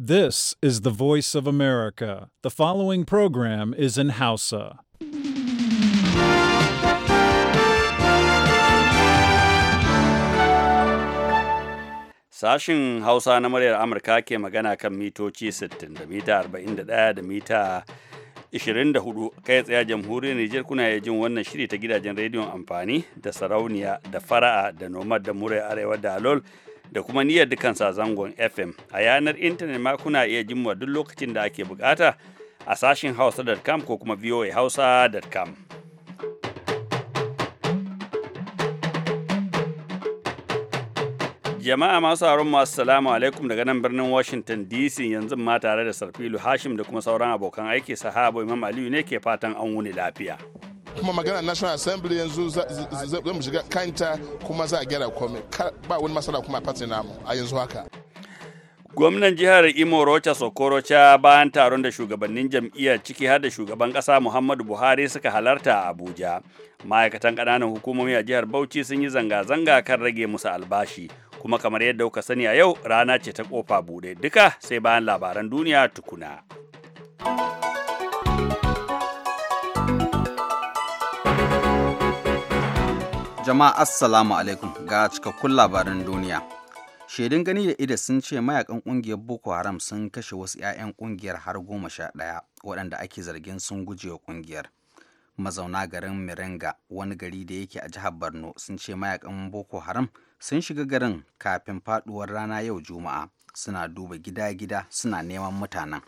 This is the voice of America. The following program is in Hausa. Sashin Hausa na muryar Amurka ke magana kan mitoci 60 da mita 41 da mita 24 kai tsaye jamhuriyar Nijar kuna yi jin wannan shiri ta gidajen rediyon amfani da sarauniya da fara'a da nomad da muryar arewa da alol da kuma niyyar dukansa zangon FM. A yanar intanet ma kuna iya jimma duk lokacin da ake bukata a sashin hausa.com ko kuma voahausa.com. Jama'a masu sauran masu salamu alaikum daga nan birnin Washington DC yanzu ma tare da Sarfilu Hashim da kuma sauran abokan aiki sahabo Imam Aliyu ne ke fatan an wuni lafiya. kuma magana national assembly yanzu za mu shiga kanta kuma za a gyara komai ba wani masala kuma a fati namu a yanzu haka gwamnan jihar imo rocha sokorocha bayan taron da shugabannin jam'iyyar ciki har da shugaban kasa muhammadu buhari suka halarta a abuja ma'aikatan kananan hukumomi a jihar bauchi sun yi zanga-zanga kan rage musu albashi kuma kamar yadda kuka sani a yau rana ce ta kofa buɗe duka sai bayan labaran duniya tukuna. Jama'a Assalamu alaikum ga cikakkun labaran duniya. Shaidun gani da ida sun ce mayakan kungiyar Boko Haram sun kashe wasu 'ya'yan kungiyar har goma sha ɗaya waɗanda ake zargin sun gujewa kungiyar Mazauna garin Miringa wani gari da yake a jihar Borno sun ce mayakan Boko Haram sun shiga garin kafin faduwar rana yau Juma'a suna duba gida-gida suna neman mutanen.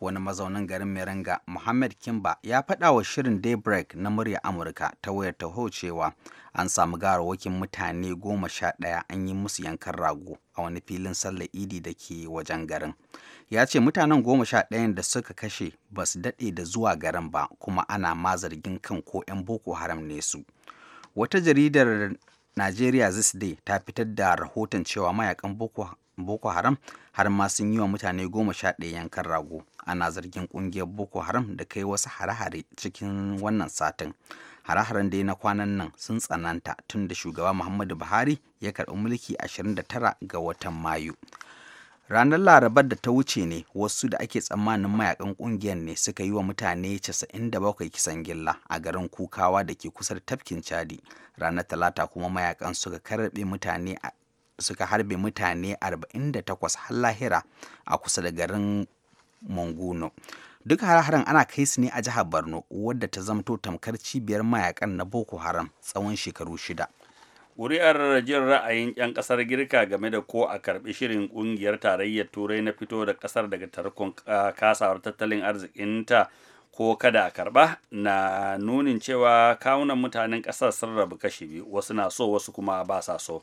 wani mazaunin garin Meringa Muhammad Kimba ya faɗa wa shirin Daybreak na murya Amurka ta wayar taho cewa an samu garawakin mutane goma sha ɗaya an yi musu yankan rago a wani filin sallar idi da ke wajen garin. Ya ce mutanen goma sha ɗaya da suka kashe ba su daɗe da zuwa garin ba kuma ana ma zargin kan ko 'yan Boko Haram ne su. Wata jaridar Najeriya This Day ta fitar da rahoton cewa mayakan Boko Boko Haram har ma sun yi wa mutane goma sha ɗaya yankan rago ana zargin kungiyar boko haram da kai wasu hare-hare cikin wannan satin hare-haren dai na kwanan nan sun tsananta tun da shugaba muhammadu buhari ya karɓi mulki 29 ga watan mayu ranar larabar da ta wuce ne wasu da ake tsammanin mayakan kungiyar ne suka yi wa mutane 97 kisan gilla a garin kukawa da ke kusa da tafkin chadi ranar talata kuma mayakan suka karbe mutane suka harbe mutane 48 har lahira a kusa da garin manguno duk hare haren ana kai su ne a jihar borno wadda ta zamto tamkar cibiyar mayakan na boko haram tsawon shekaru shida ƙuri'ar jin ra'ayin 'yan kasar girka game da ko a karbi shirin kungiyar tarayyar turai na fito da kasar daga tarkon kasawar tattalin arzikinta ko kada a karba na nunin cewa kawunan mutanen kasar sun rabu kashi biyu wasu na so wasu kuma ba sa so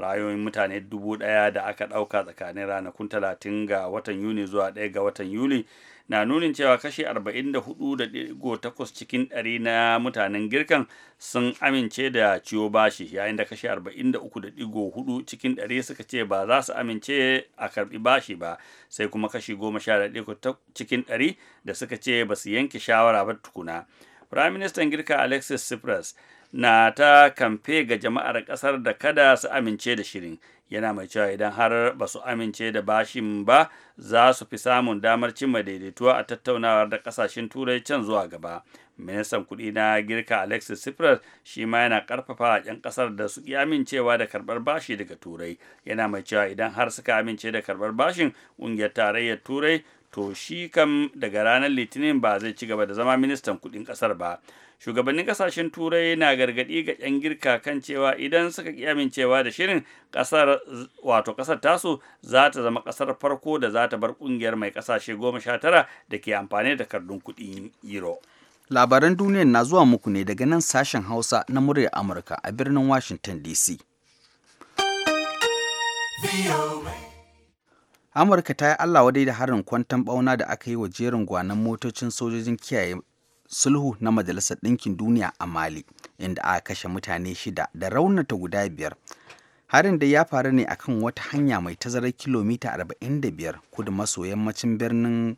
rayoyin mutane dubu daya da aka ɗauka tsakanin ranakun talatin ga watan yuni zuwa ɗaya ga watan yuli na nunin cewa kashi 44.8 cikin ɗari na mutanen girkan sun amince da ciwo bashi yayin da kashi 43.4 cikin ɗari suka ce ba za su amince a karbi bashi ba sai kuma kashi 11 cikin ɗari da suka ce ba su yanke shawara ba tukuna Firaministan Girka Alexis Tsipras na ta kamfe ga jama'ar ƙasar da kada su amince da shirin yana mai cewa idan har ba su amince da bashin ba za su fi samun damar cimma daidaituwa a tattaunawar da ƙasashen turai can zuwa gaba ministan kuɗi na girka alexis tsipras shi ma yana karfafa yan ƙasar da su ƙi amincewa da karbar bashi daga turai yana mai cewa idan har suka amince da karbar bashin ƙungiyar tarayyar turai to shi kam daga ranar litinin ba zai ci gaba da zama ministan kudin kasar ba shugabannin kasashen turai na gargadi ga yan girka kan cewa idan suka ki amincewa da shirin kasar wato kasar tasu za ta zama kasar farko da za ta bar kungiyar mai kasashe goma sha tara da ke amfani da kardun kudin euro labaran duniyar na zuwa muku ne daga nan sashen hausa na muryar amurka a birnin washington dc amurka ta yi allah wadai da harin kwantan bauna da aka yi wa jerin gwanan motocin sojojin kiyaye sulhu na majalisar ɗinkin duniya a mali inda aka kashe mutane shida da raunata guda biyar harin da ya faru ne akan wata hanya mai tazarar kilomita 45 kudu maso yammacin birnin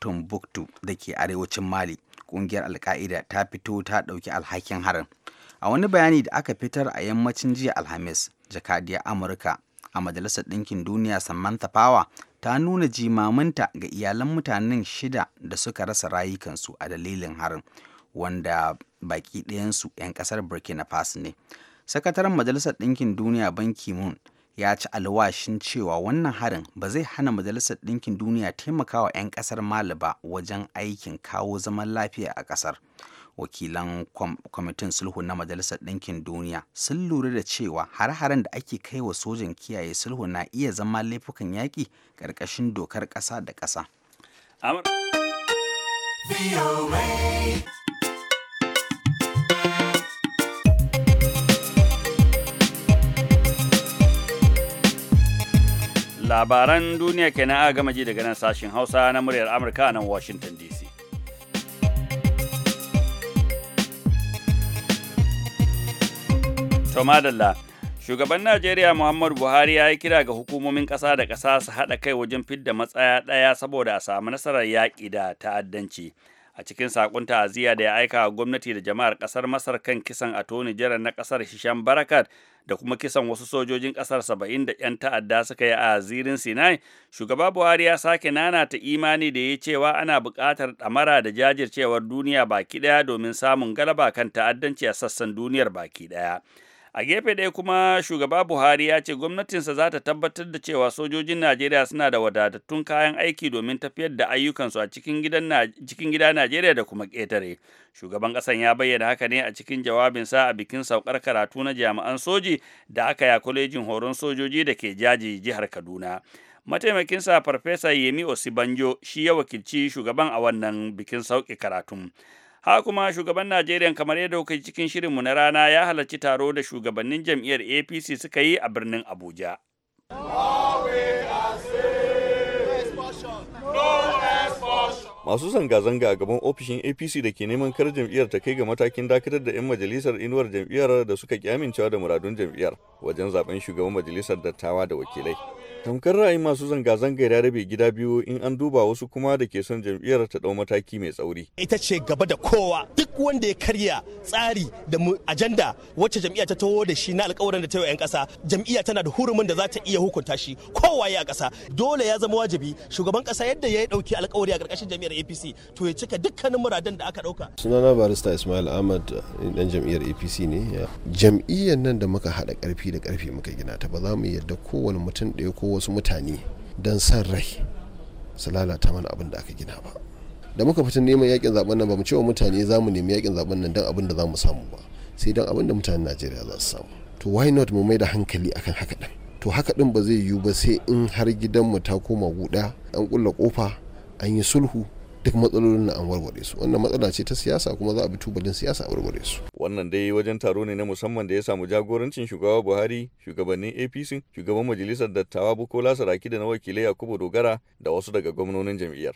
tumbuktu da ke arewacin Mali. Kungiyar Alka'ida ta fito ta ɗauki alhakin harin. A wani bayani da aka fitar a yammacin jiya Alhamis, jakadiyar Amurka a Majalisar Ɗinkin Duniya Samantha Power ta nuna jimamanta ga iyalan mutanen shida da suka rasa rayukansu a dalilin harin wanda baki ɗayansu 'yan ƙasar Burkina Faso ne. Sakataren Majalisar Ɗinkin Duniya Ban Ki-moon ya ci alwashin cewa wannan harin ba zai hana Majalisar Ɗinkin Duniya taimakawa 'yan ƙasar Mali ba wajen aikin kawo zaman lafiya a ƙasar. wakilan kwamitin sulhu na majalisar ɗinkin duniya sun lura da cewa har-haren da ake kai wa sojan kiyaye sulhu na iya zama laifukan yaƙi ƙarƙashin dokar ƙasa da ƙasa labaran duniya kenan a gama ji daga nan sashen hausa na muryar amurka nan washington dc To madalla. Shugaban Najeriya Muhammadu Buhari ya yi kira ga hukumomin ƙasa da ƙasa su haɗa kai wajen fidda matsaya ɗaya saboda a samu nasarar yaƙi da ta'addanci. A cikin saƙon ta'aziyya da ya aika wa gwamnati da jama'ar ƙasar Masar kan kisan a toni Jiran na ƙasar Hisham Barakat da kuma kisan wasu sojojin ƙasar saba'in da ƴan ta'adda suka yi a zirin Sinai, shugaba Buhari ya sake nana ta imani da ya cewa ana buƙatar ɗamara da jajircewar duniya baki ɗaya domin samun galaba kan ta'addanci a sassan duniyar baki ɗaya. a gefe ɗaya kuma shugaba buhari ya ce gwamnatinsa za ta tabbatar da cewa sojojin najeriya suna da wadatattun kayan aiki domin tafiyar da ayyukansu a cikin gida najeriya da kuma ƙetare shugaban ƙasan ya bayyana haka ne a cikin jawabinsa a bikin saukar karatu na jami'an soji da aka ya kwalejin horon sojoji da ke jaji jihar kaduna mataimakinsa farfesa yemi osibanjo shi ya wakilci shugaban a wannan bikin sauƙi karatun Ha kuma shugaban Najeriya kamar yadda kuka cikin shirinmu na rana ya halarci taro da shugabannin jam'iyyar APC suka yi a birnin Abuja. masu zanga-zanga a gaban ofishin apc da ke neman kar jam'iyyar ta kai ga matakin dakatar da 'yan majalisar inuwar jam'iyyar da suka ki amincewa da muradun jam'iyyar wajen zaben shugaban majalisar dattawa da wakilai tamkar ra'ayin masu zanga-zangar ya rabe gida biyu in an duba wasu kuma da ke son jam'iyyar ta dau mataki mai tsauri ita ce gaba da kowa duk wanda ya karya tsari da ajanda wacce jam'iyya ta taho da shi na alkawarin da ta yi 'yan kasa jam'iyya tana da hurumin da za ta iya hukunta shi kowa ya kasa dole ya zama wajibi shugaban ƙasa yadda ya ɗauki alkawari a karkashin jam'iyyar APC to ya cika dukkanin muradan da aka ɗauka. sunana barista Ismail Ahmad dan jam'iyyar APC ne jam'iyyar nan da muka haɗa karfi da karfi muka gina ta ba za mu yarda kowane mutum ɗaya ko wasu mutane don san rai su lalata mana abin da aka gina ba da muka fita neman yakin zaben nan ba mu cewa mutane za mu nemi yakin zaben nan don abin da za mu samu ba sai don abin da mutanen najeriya za su samu to why not mu mai da hankali akan haka din to haka ɗin ba zai yiwu ba sai in har gidanmu ta koma guda an kulla kofa an yi sulhu duk matsalolin na an warware su wannan matsala ce ta siyasa kuma za a bi tubalin siyasa a warware su wannan dai wajen taro ne na musamman da ya samu jagorancin shugaba Buhari shugabannin APC shugaban majalisar dattawa Bukola Saraki da na wakilai Yakubu Dogara da wasu daga gwamnonin jam'iyyar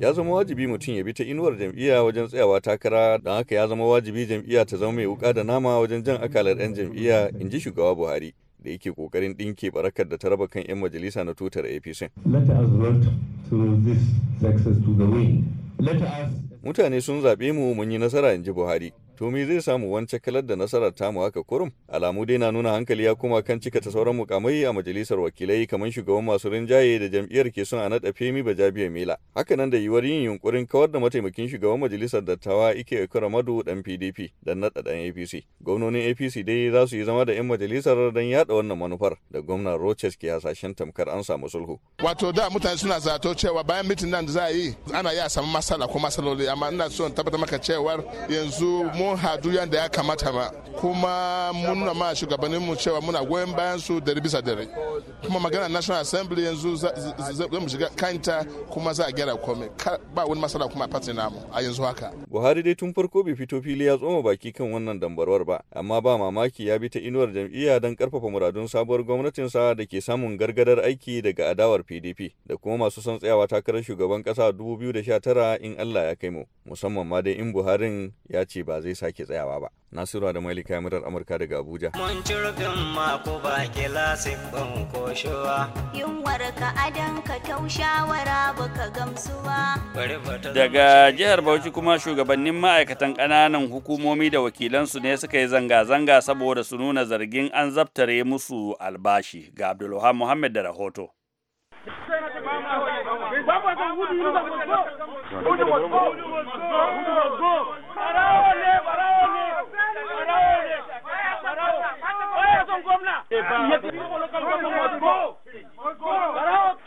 ya zama wajibi mutum ya bi ta inuwar jam'iyya wajen tsayawa takara don haka ya zama wajibi jam'iyya ta zama mai wuka da nama wajen jan akalar 'yan jam'iyya in ji shugaba buhari da yake kokarin ɗinke barakar da ta raba kan 'yan majalisa na tutar apc mutane sun zaɓe mu mun yi nasara in ji buhari tomi zai samu wancan kalar da nasarar ta mu haka kurum? Alamu dai na nuna hankali ya kuma kan cika ta sauran mukamai a majalisar wakilai kamar shugaban masu rinjaye da jam'iyyar ke son a naɗa Femi Bajabiya mila. Haka nan da yiwuwar yin yunkurin kawar da mataimakin shugaban majalisar dattawa Ike madu dan PDP dan naɗa dan APC. Gwamnonin APC dai za su yi zama da 'yan majalisar don yaɗa wannan manufar da gwamnan Roches ke hasashen tamkar an samu sulhu. Wato da mutane suna zato cewa bayan mitin nan da za a yi ana yi a samu masala ko masaloli amma ina son tabbatar maka cewa yanzu mun hadu yadda ya kamata ba kuma mun ma mu cewa muna goyon bayan su dare bisa dare kuma magana national assembly yanzu za mu shiga kanta kuma za a gyara komai ba wani masala kuma a fati namu a yanzu haka buhari dai tun farko bai fito fili ya tsoma baki kan wannan dambarwar ba amma ba mamaki ya bi ta inuwar jam'iyya don karfafa muradun sabuwar gwamnatinsa da ke samun gargadar aiki daga adawar pdp da kuma masu son tsayawa takarar shugaban kasa 2019 in allah ya kai mu musamman ma dai in buharin ya ce ba zai zai sake tsayawa ba nasiru da malika murar amurka daga abuja mun cirbin mako ba kilasin ban koshuwa? Yin warka adan ka taushawara ka gamsuwa daga jihar bauchi kuma shugabannin ma'aikatan ƙananan hukumomi da wakilansu ne suka yi zanga-zanga saboda su nuna zargin an zabtare musu albashi ga abdulluhan muhammad da rahoto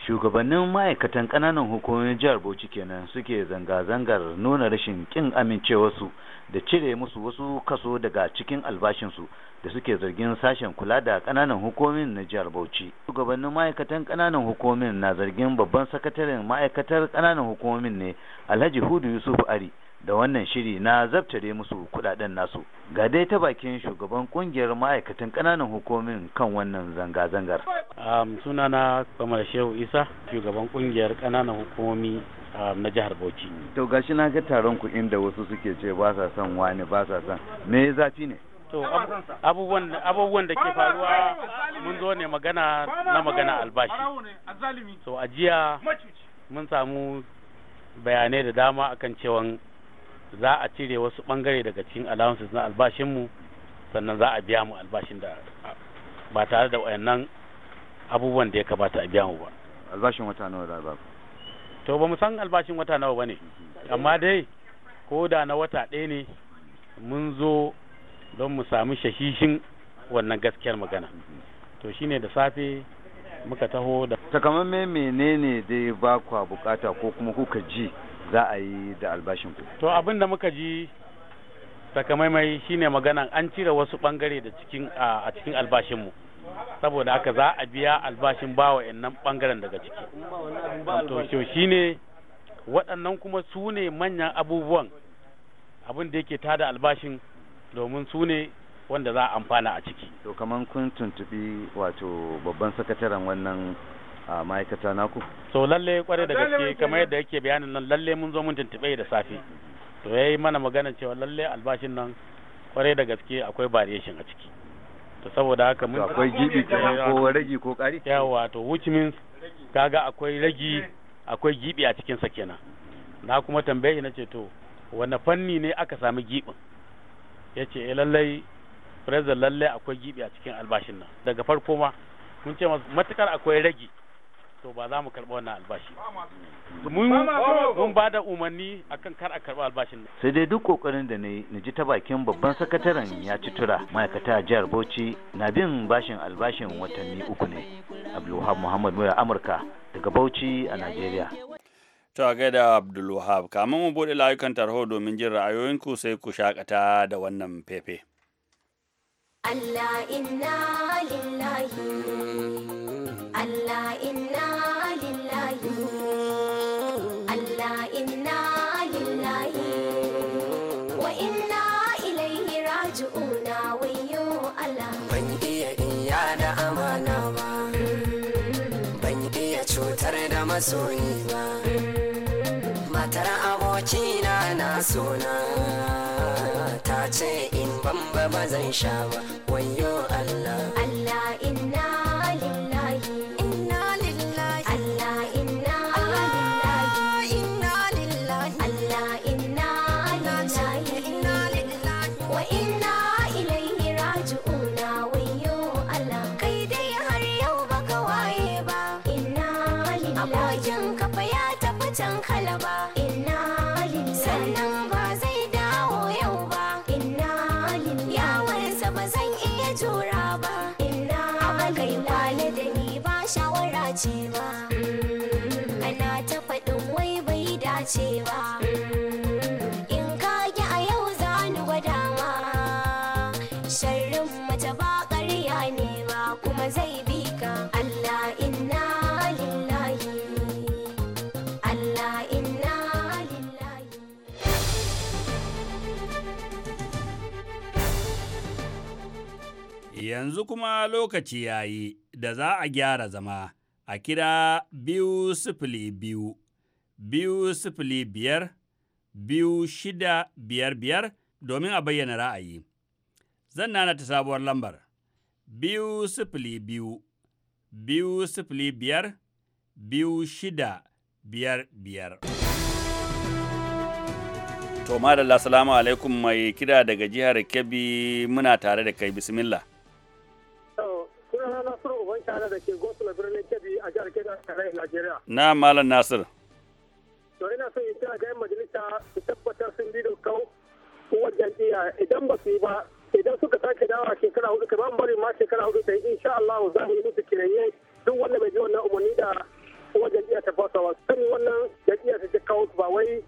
shugabannin ma'aikatan ƙananan hukumomin jihar bauchi kenan suke zanga-zangar nuna rashin ƙin amincewarsu da cire musu wasu kaso daga cikin albashinsu da suke zargin sashen kula da ƙananan hukumomin na jihar bauchi shugabannin ma'aikatan ƙananan hukumomin na zargin babban sakataren ma'aikatar ƙananan hukumomin ne alhaji hudu yusuf ari da wannan shiri na zabtare musu kudaden nasu ga dai ta bakin shugaban kungiyar ma'aikatan kananan hukumin kan wannan zanga-zangar um, na kamar shehu isa shugaban kungiyar kananan um, na jihar bauchi to gashi na ga taron ku inda wasu suke ce ba sa son wani ba sa son me zafi ne to abubuwan da ke faruwa mun zo ne magana na magana albashi to a jiya mun samu bayanai da dama akan cewan za a cire wasu bangare daga cikin allowances na albashinmu sannan za a biya mu albashin da ba tare da wayannan abubuwan da ya kamata a biya mu ba albashin wata nawa za ba to ba mu san albashin wata nawa bane amma dai ko da na wata ɗaya ne mun zo don mu samu shahishin wannan gaskiyar magana to shine da safe muka taho da takamaimai menene dai ba kwa bukata ko kuma kuka ji za a yi da albashin ku to abin da muka ji takamaimai shine maganan an cire wasu bangare da cikin a cikin albashin mu saboda haka za a biya albashin bawa yannan bangaren daga ciki to shine waɗannan kuma su ne manyan abubuwan abin da yake tada albashin domin su ne wanda za a amfana a ciki to kamar kun tuntubi wato babban sakataren wannan a ma'aikata naku so lalle kware da gaske kamar yadda yake bayanin nan lalle mun zo mun tuntube da safe to yayi mana magana cewa lalle albashin nan kware da gaske akwai variation a ciki to saboda haka mun akwai gibi ko ragi ko kari yawa to which means kaga akwai ragi akwai gibi a cikin sa kenan na kuma tambaye na ce to wanne fanni ne aka sami gibin yace eh lallai president lallai akwai gibi a cikin albashin nan daga farko ma mun ce matukar akwai ragi to ba za mu karɓi wannan albashi mun ba da umarni akan kar a karɓi albashin nan sai dai duk ƙoƙarin da na yi na ji ta bakin babban sakataren ya ci tura ma'aikata jihar bauchi na bin bashin albashin watanni uku ne abdulwahab muhammad mura amurka daga bauchi a najeriya To ta gaida abdulwahab kamar mu buɗe layukan tarho domin jin ra'ayoyinku sai ku shakata da wannan fefe Allah inna lillahi Allah inna inna lillahi wa inna ilaihi raji'una wayyo Allah ban iya iya da amana ba ban iya cutar da masoyi ba matar abokina na sona ta ce in bamba ba zan sha ba wayyo Allah dace ba ana ta faɗin wai bai dace ba in ka gi a yau za ni gwada ma sharrin mace ba ƙarya ne ba kuma zai bi ka Allah inna lillahi Allah inna lillahi yanzu kuma lokaci yayi da za a gyara zama a kira biyu sifili biyu, biyu sifili biyar, biyu shida biyar biyar domin a bayyana ra'ayi. Zan nana ta sabuwar lambar, biyu sifili biyu, biyu sifili biyar, biyu shida biyar biyar. To, madalla, salamu alaikum mai kira daga jihar Kebbi muna tare da kai, bismillah. mutane da ke gosular birnin Kebbi a jihar Kebbi a Najeriya. Na Malam Nasir. To ina so in kira ga 'yan majalisa su tabbatar sun bi dokau wajen iya idan ba su yi ba idan suka sake dawa shekara hudu kamar bari ma shekara hudu ta yi insha Allah za mu yi musu kiraye duk wanda bai ji wannan umarni da wajen iya ta fasa wa sani wannan ya ta ta kawo ba wai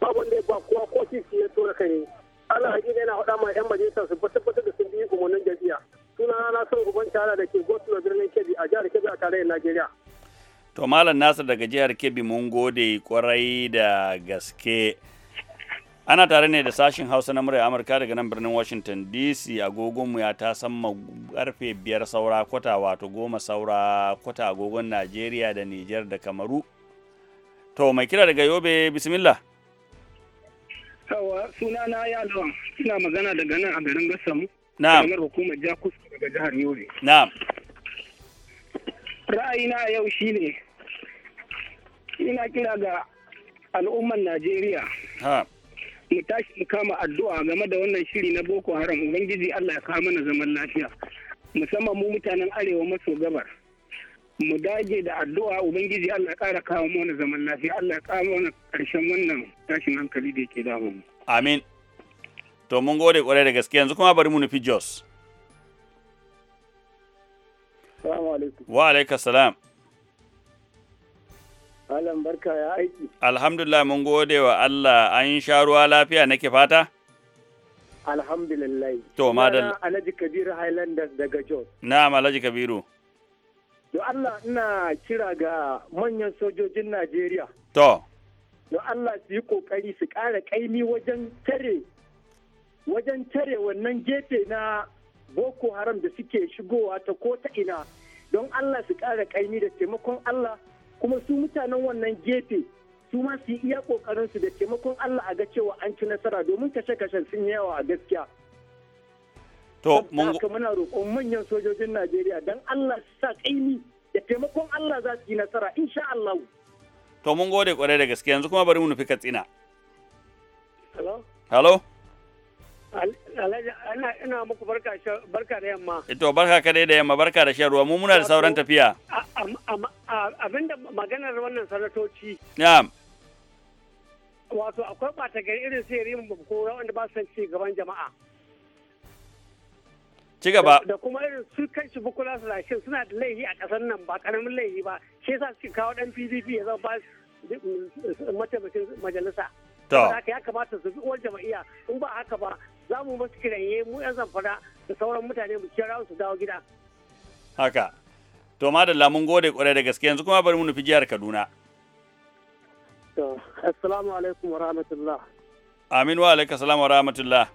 ba wanda ya ba ko titi ya tura kai ana haƙiƙa yana faɗa ma 'yan majalisa su tabbatar da sun bi umarnin jam'iyya. suna na son uban tara da ke gosulo birnin kebbi a jihar kebbi a tarayyar najeriya to malam nasir daga jihar kebbi mun gode kwarai da gaske ana tare ne da sashin hausa na murya amurka daga nan birnin washington dc agogonmu ya ta ma karfe biyar saura kwata wato goma saura kwata agogon najeriya da nijar da kamaru to mai kira daga yobe bismillah suna sunana yalwa suna magana daga nan a garin gasamu na'am kamar hukumar jakus daga jihar yobe na'am ra'ayina yau shine ina kira ga al'ummar najeriya ha mu tashi mu kama addu'a game da wannan shiri na boko haram ubangiji allah ya kawo mana zaman lafiya musamman mu mutanen arewa maso gabar mu dage da addu'a ubangiji allah ƙara kawo mana zaman lafiya allah ya kawo mana ƙarshen wannan tashin hankali da yake damu amin to mun gode kwarai da gaske yanzu kuma bari mu nufi Jos. Wa alaikum salam. Alam barka ya aiki. Alhamdulillah mun gode wa Allah an sha ruwa lafiya nake fata? Alhamdulillah. To madal. Alhaji Kabiru Highlanders daga Jos. Na'am Alhaji Kabiru. Do Allah ina kira ga manyan sojojin Najeriya. To. Do Allah su yi kokari su ƙara ƙaimi wajen tare wajen tare wannan gefe na boko haram da suke shigowa ta ko ta ina don allah su kara kaini da taimakon allah kuma su mutanen wannan gefe su ma su yi iya su da taimakon allah a ga cewa an ci nasara domin kashe-kashen sun yawa a gaskiya To, mun muna roƙon manyan sojojin Najeriya don Allah su sa ƙaimi da taimakon Allah za su yi nasara insha Allah. To, mun gode kwarai da gaske yanzu kuma bari mu nufi Katsina. Hello? Hello? ana ina muku barka da yamma. Ito eh, barka ka da yamma barka da sharuwa mu muna da sauran tafiya. Abinda maganar wannan sanatoci. Na'am. Wato akwai ɓata gari irin su yari ko wanda ba san ci gaban jama'a. Ci gaba. Da kuma irin su kai shi bukula su lashin suna da laihi a ƙasar nan ba ƙaramin laihi ba. Shi yasa suke kawo ɗan PDP ya zama ba mm, mm, mataimakin majalisa. To. ya kamata su bi uwar jama'iya in ba haka ba za mu masu kiraye mu 'yan zamfara da sauran mutane mu kira su dawo gida. Haka, to madalla mun gode kwarai da gaske yanzu kuma bari mu nufi jihar Kaduna. To, assalamu alaikum wa rahmatullah. Amin wa alaikum salam wa rahmatullah.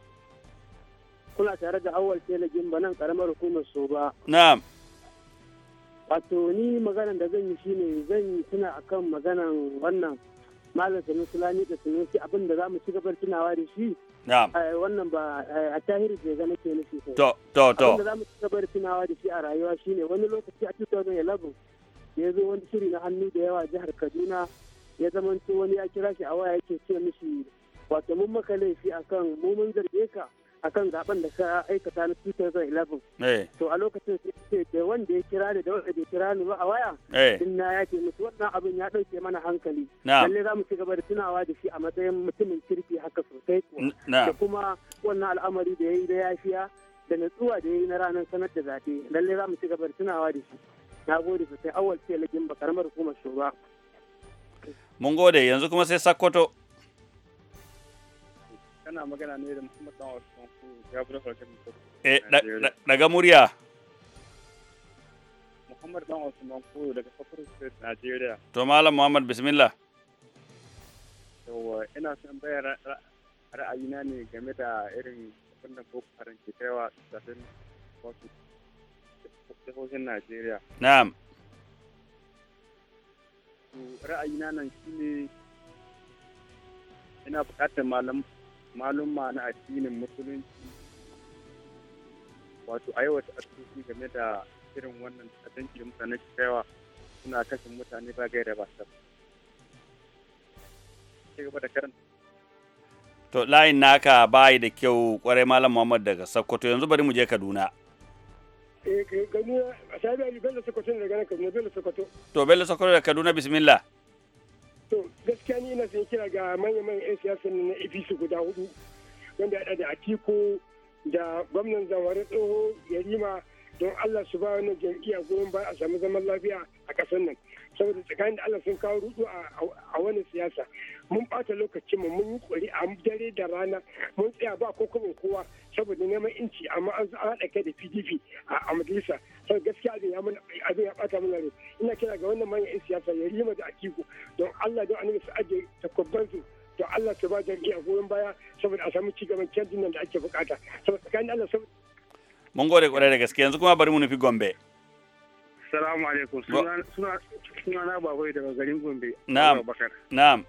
Kuna tare da awal na gimba nan karamar hukumar Soba. Na'am. Wato ni maganan da zan yi shine zan yi tuna akan maganan wannan Malam Sanusi da Sanusi abin da za mu ci gabar tunawa da shi Eh, wannan ba eh, a tahiri je ga nake nufi to to to abinda zamu ci gaba da tunawa da shi a rayuwa shine wani lokaci a 2011 ya zo wani shiri na hannu da yawa jihar Kaduna ya zamanto wani ya kira shi a waya yake ce mishi wato mun maka laifi akan mu mun zarge ka akan zaben da ka aikata na 2011 eh. to a lokacin sai ce da wanda ya kira ni da wanda bai kira ni ba a waya din eh. na ce musu wannan abin ya dauke mana hankali lalle za mu ci gaba da tunawa da shi a matsayin mutumin kirki haka sosai da kuma wannan al'amari da yayi da yafiya da natsuwa da ya yi na ranar sanar da zaɓe lalle za mu ci gaba da tunawa da shi na gode sosai awal ce lagin ba karamar hukumar shugaba mun gode yanzu kuma sai sakkwato kana magana ne da Muhammad Dan Usman ya farkon Eh daga murya Muhammad Dan daga State To Malam Muhammad bismillah Yawwa ina son bayar ra'ayina ne game da irin wannan Boko Haram ke kaiwa wasu jihohin Najeriya Na'am ra'ayina nan shine ina buƙatar malam malumma na addinin musulunci wato aiwata asusi game da irin wannan ta'addanci da mutane su kaiwa suna kashe mutane ba gaira ba sa. To layin naka bayi da kyau kwarai Malam Muhammad daga Sokoto yanzu bari mu je Kaduna. Eh Kaduna, sai da Bello Sokoto daga Kaduna Bello Sokoto. To Bello Sokoto daga Kaduna bismillah. to gaskiya ni ina son kira ga manya-manyan 'yan siyasa na apc guda hudu wanda ya da atiko da gwamnan zamarin tsoho yarima don allah su ba wani jam'iyya goyon ba a samu zaman lafiya a ƙasar nan saboda tsakanin da Allah sun kawo rudu a wani siyasa mun bata lokacin mu mun yi kuri a dare da rana mun tsaya ba ko kuma kowa saboda neman inci amma an haɗa kai da PDP a majalisa sau gaskiya da ya mun abin ya bata mun rai ina kira ga wannan manyan yan siyasa ya rima da akiku don Allah don annabi su aje takobban su to Allah su ba a goyon baya saboda a samu cigaban kyan da ake bukata saboda tsakanin Allah saboda mun gode kwarai da gaske yanzu kuma bari mu nufi Gombe Salamu alaikum. Sunana wai daga garin Gombe. Na'am. Na'am.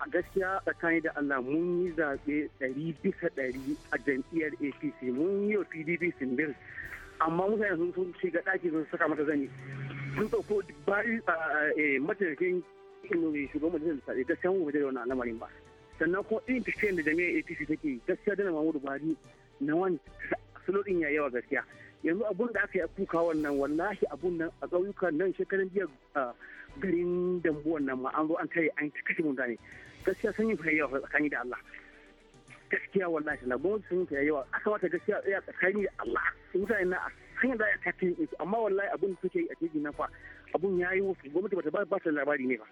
A gaskiya tsakani da Allah mun yi zaɓe ɗari bisa ɗari a jam'iyyar APC mun yi wa PDP sindir amma mutane sun sun shiga ɗaki sun saka mata zani sun ɗauko bayan eh, mataimakin shugaban majalisar tsaye gaskiya mun wajen wannan al'amarin ba sannan kuma irin tafiyar da jami'ar APC take gaskiya na Mahmudu Buhari na wani salo ɗin ya yawa gaskiya. yanzu abun da aka yi a kuka wannan wallahi abun nan a ƙauyukan nan shekarun biyar a garin dambu wannan ma an zo an tare an kashe mun dane gaskiya sun yi fa yawa tsakani da Allah gaskiya wallahi na gwamnati sun yi fa yawa a kamata gaskiya a tsakani da Allah sun mutane na hanyar da ya tafi amma wallahi abun da suke yi a jirgin nan fa abun ya yi wasu gwamnati ba ta ba ta labari ne ba.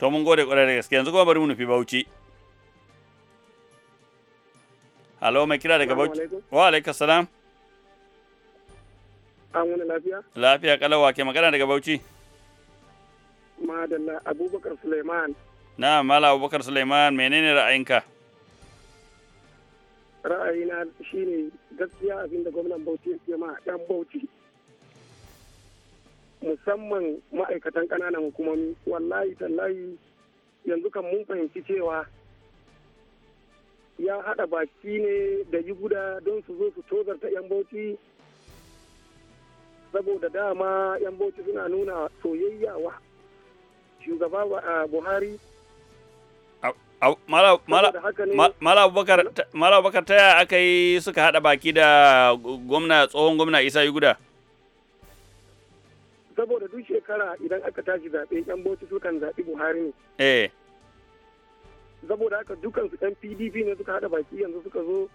to mun gode kwarai da gaske yanzu kuma bari mu nufi bauchi halo mai kira daga bauchi wa alaikas salam An lafiya? kalawa ke magana daga Bauchi. Madalla Abubakar Suleiman. Na Mala Abubakar Suleiman menene ra'ayinka? Ra'ayina shine gaskiya abinda gwamnan Bauchi ya ma dan Bauchi. Musamman ma'aikatan ƙananan hukumomi wallahi tallahi yanzu kan mun fahimci cewa ya haɗa baki ne da yi guda don su zo su tozarta 'yan Bauchi saboda dama 'yan bauchi suna nuna soyayya wa shugaba buhari Mala Abubakar ta yaya aka yi suka haɗa baki da gwamna tsohon gwamna Isa guda Saboda duk shekara idan aka tashi zaɓe ‘yan boci sukan zaɓi Buhari ne. Eh. Saboda haka dukansu ‘yan PDP ne suka haɗa baki yanzu suka zo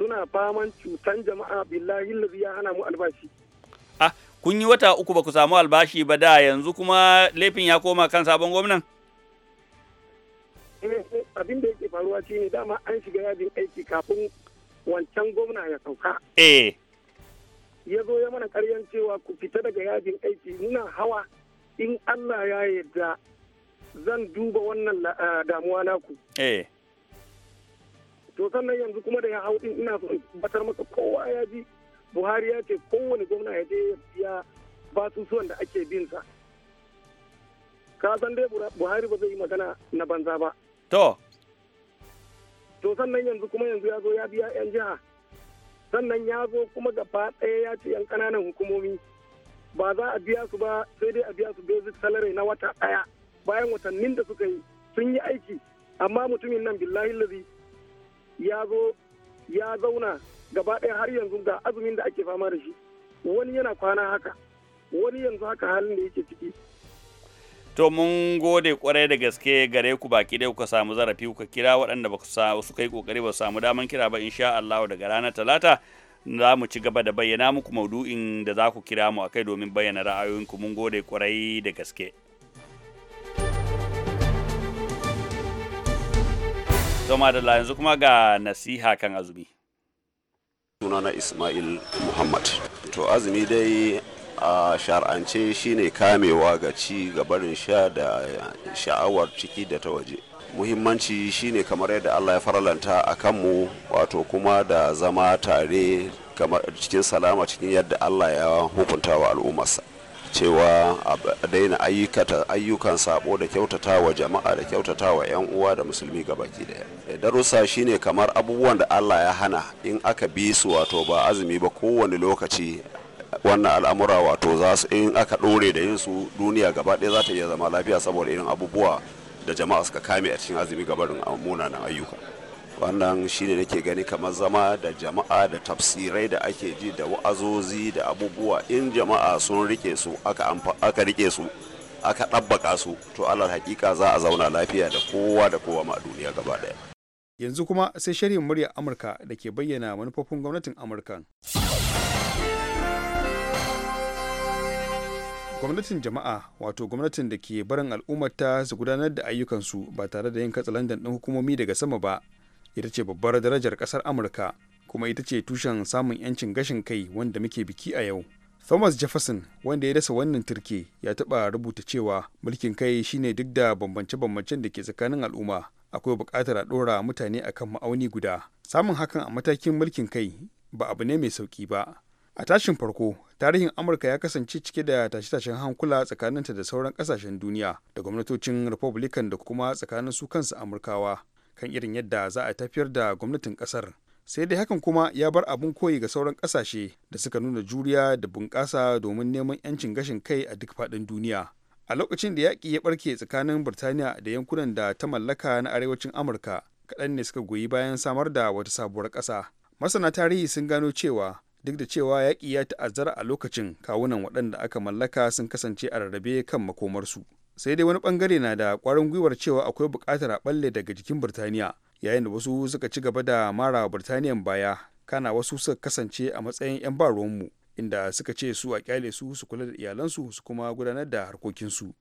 suna faman cutan jama'a billahi ya hana mu albashi. ah kun yi wata uku ba ku samu albashi ba da yanzu kuma laifin ya koma kan sabon gwamnan eh, eh, abin da yake faruwa shi ne dama an shiga yajin aiki kafin wancan gwamna ya sauka eh ya zo ya mana karyan cewa ku fita daga yajin aiki nuna hawa in Allah ya yarda zan duba wannan ah, damuwa naku eh to sannan yanzu kuma da ya hau in ina so in batar maka kowa ya ji buhari ya ce kowane gwamna ya je ya biya basusuwan da ake bin sa ka san dai buhari ba zai yi magana na banza ba to to sannan yanzu kuma yanzu ya zo ya biya yan jiha sannan ya zo kuma gaba ɗaya ya ce yan ƙananan hukumomi ba za a biya su ba sai dai a biya su basic salary na wata ɗaya bayan watannin da suka yi sun yi aiki amma mutumin nan billahi lazi ya zo ya zauna gaba ɗaya har yanzu ga azumin da ake fama da shi wani yana kwana haka wani yanzu haka halin da yake ciki to mun gode kwarai da gaske gare ku baki dai kuka samu zarafi kuka kira waɗanda ba su kai kokari ba samu daman kira ba insha Allah daga ranar talata za mu ci gaba da bayyana muku maudu'in da za ku kira mu akai domin bayyana ra'ayoyinku mun gode kwarai da gaske Zoma da yanzu kuma ga nasiha kan azumi. sunana ismail muhammad to azumi dai a shar'ance shine kamewa ga ci gabarin sha da sha'awar ciki da ta waje muhimmanci shine kamar yadda allah ya faralanta a kanmu wato kuma da zama tare cikin salama cikin yadda allah ya hukunta wa al'ummarsa cewa a daina ayyukata ayyukan sabo da kyautata wa jama'a da kyautata wa 'yan uwa da musulmi gabaki daya eh, darussa shine kamar abubuwan da allah ya hana in aka bi su wato ba azumi ba kowane lokaci wannan al'amura wato za su in aka ɗore da yin su duniya gaba ɗaya za ta iya zama lafiya saboda irin abubuwa da jama'a suka kame a cikin azumi da munanan ayyuka wannan shine nake gani kamar zama da jama'a da tafsirai da ake ji da wa'azozi da abubuwa in jama'a sun rike su aka rike su aka ɗabbaka su to alal hakika za a zauna lafiya da kowa da kowa ma duniya gaba daya yanzu kuma sai shirin muryar amurka da ke bayyana manufofin gwamnatin amurka gwamnatin jama'a wato gwamnatin da ke barin al'ummata su gudanar da ayyukansu ba tare da yin katsalandan ɗin hukumomi daga sama ba ita ce babbar darajar kasar amurka kuma ita ce tushen samun 'yancin gashin kai wanda muke biki a yau thomas jefferson wanda ya dasa wannan turke ya taba rubuta cewa mulkin kai shine duk da bambance-bambancen da ke tsakanin al'umma akwai bukatar a ɗora mutane akan ma'auni guda samun hakan a matakin mulkin kai ba abu ne mai sauƙi ba a tashin farko tarihin amurka ya kasance cike da tashe-tashen hankula tsakaninta da sauran kasashen duniya da gwamnatocin republican da kuma tsakanin su kansu amurkawa kan irin yadda za a tafiyar da gwamnatin kasar sai dai hakan kuma ya bar abin koyi ga sauran kasashe da suka nuna juriya da bunƙasa domin neman 'yancin gashin kai a duk faɗin duniya a lokacin da yaƙi ya ɓarke tsakanin birtaniya da yankunan da ta mallaka na arewacin amurka kaɗan ne suka goyi bayan samar da wata sabuwar ƙasa masana tarihi sun gano cewa duk da cewa yaƙi ya ta'azzara a lokacin kawunan waɗanda aka mallaka sun kasance a rarrabe kan makomarsu sai dai wani bangare na da kwarin gwiwar cewa akwai bukatar a balle daga jikin birtaniya yayin da wasu suka ci gaba da mara birtaniyan baya kana wasu suka kasance a matsayin 'yan ba mu inda suka ce su a kyale su su kula da iyalansu su kuma gudanar da harkokinsu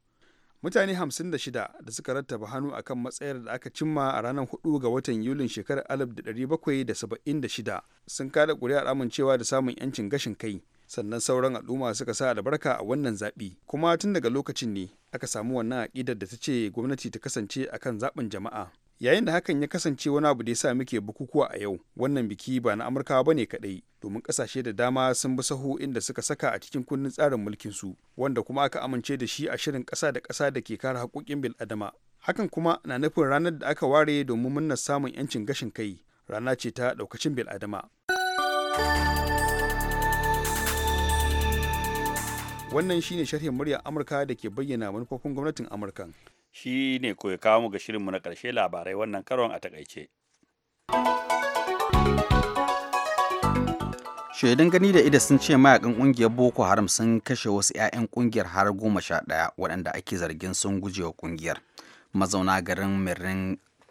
mutane hamsin da shida da suka rattaba hannu akan matsayar da aka cimma a ranar hudu ga watan yulin shekarar da da bakwai saba'in shida sun kada kuri'ar amincewa da samun 'yancin gashin kai sannan sauran al'umma suka sa albarka a wannan zaɓi kuma tun daga lokacin ne aka samu wannan aƙidar da ta ce gwamnati ta kasance a kan zaɓin jama'a yayin da hakan ya kasance wani abu da ya sa muke bukukuwa a yau wannan biki ba na amurkawa ba ne kaɗai domin ƙasashe da dama sun bi sahu inda suka saka a cikin kundin tsarin mulkinsu wanda kuma aka amince da shi a shirin ƙasa da ƙasa da ke kare haƙoƙin bil'adama hakan kuma na nufin ranar da aka ware domin munna samun 'yancin gashin kai rana ce ta ɗaukacin bil'adama. wannan shine sharhin muryar amurka da ke bayyana manufofin gwamnatin amurka shi ne ko ya kawo ga shirinmu na ƙarshe labarai wannan karon a takaice shaidun gani da ida sun ce mayakan kungiyar boko haram sun kashe wasu 'ya'yan kungiyar har goma sha ɗaya waɗanda ake zargin sun gujewa kungiyar mazauna garin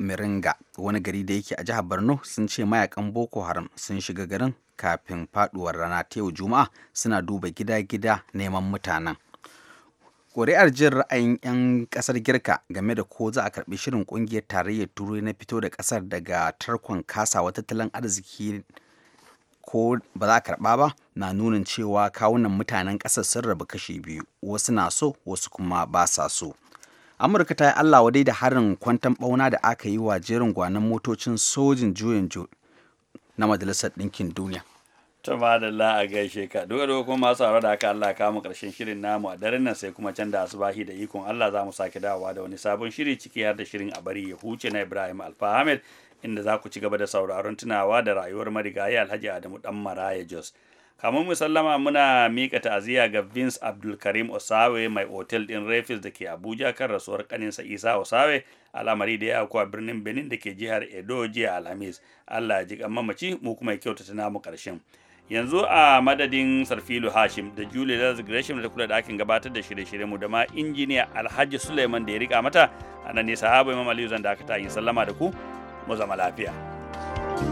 miringa wani gari da yake a jihar borno sun ce mayakan boko haram sun shiga garin kafin faduwar rana ta yau juma'a suna duba gida-gida neman mutanen ƙuri'ar jin ra'ayin 'yan ƙasar girka game da ko za a karɓi shirin ƙungiyar tarayyar turai na fito da ƙasar daga tarkon kasa kasawa tattalin arziki ko ba za a karɓa ba na nunin cewa kawunan mutanen ƙasar sun rabu kashi biyu wasu na so wasu kuma ba sa so amurka ta yi allah dai da harin kwantan ɓauna da aka yi wa jerin gwanon motocin sojin juyin na majalisar ɗinkin duniya to ba da la'a a gaishe ka duka da kuma masu da aka Allah ka mu karshen shirin namu a daren nan sai kuma can da asubahi da ikon Allah za mu sake dawowa da wani sabon shiri ciki har da shirin a bari ya huce na Ibrahim Alfahamed inda za ku ci gaba da sauraron tunawa da rayuwar marigayi Alhaji Adamu Dan Maraya Jos kamar mu sallama muna mika ta'aziyya ga Vince Abdulkarim Osawe mai otel din Refis da ke Abuja kan rasuwar kaninsa Isa Osawe al'amari da ya auku a birnin Benin da ke jihar Edo jiya Alhamis Allah ya ji mamaci mu kuma ya kyautata namu karshen yanzu a madadin Sarfilu Hashim da Julie Lazar Gresham da kula da akin gabatar da shirye-shirye mu da ma injiniya Alhaji Suleiman da ya rika mata anan ne sahaba Imam Aliyu zan da aka ta yin sallama da ku mu zama lafiya thank you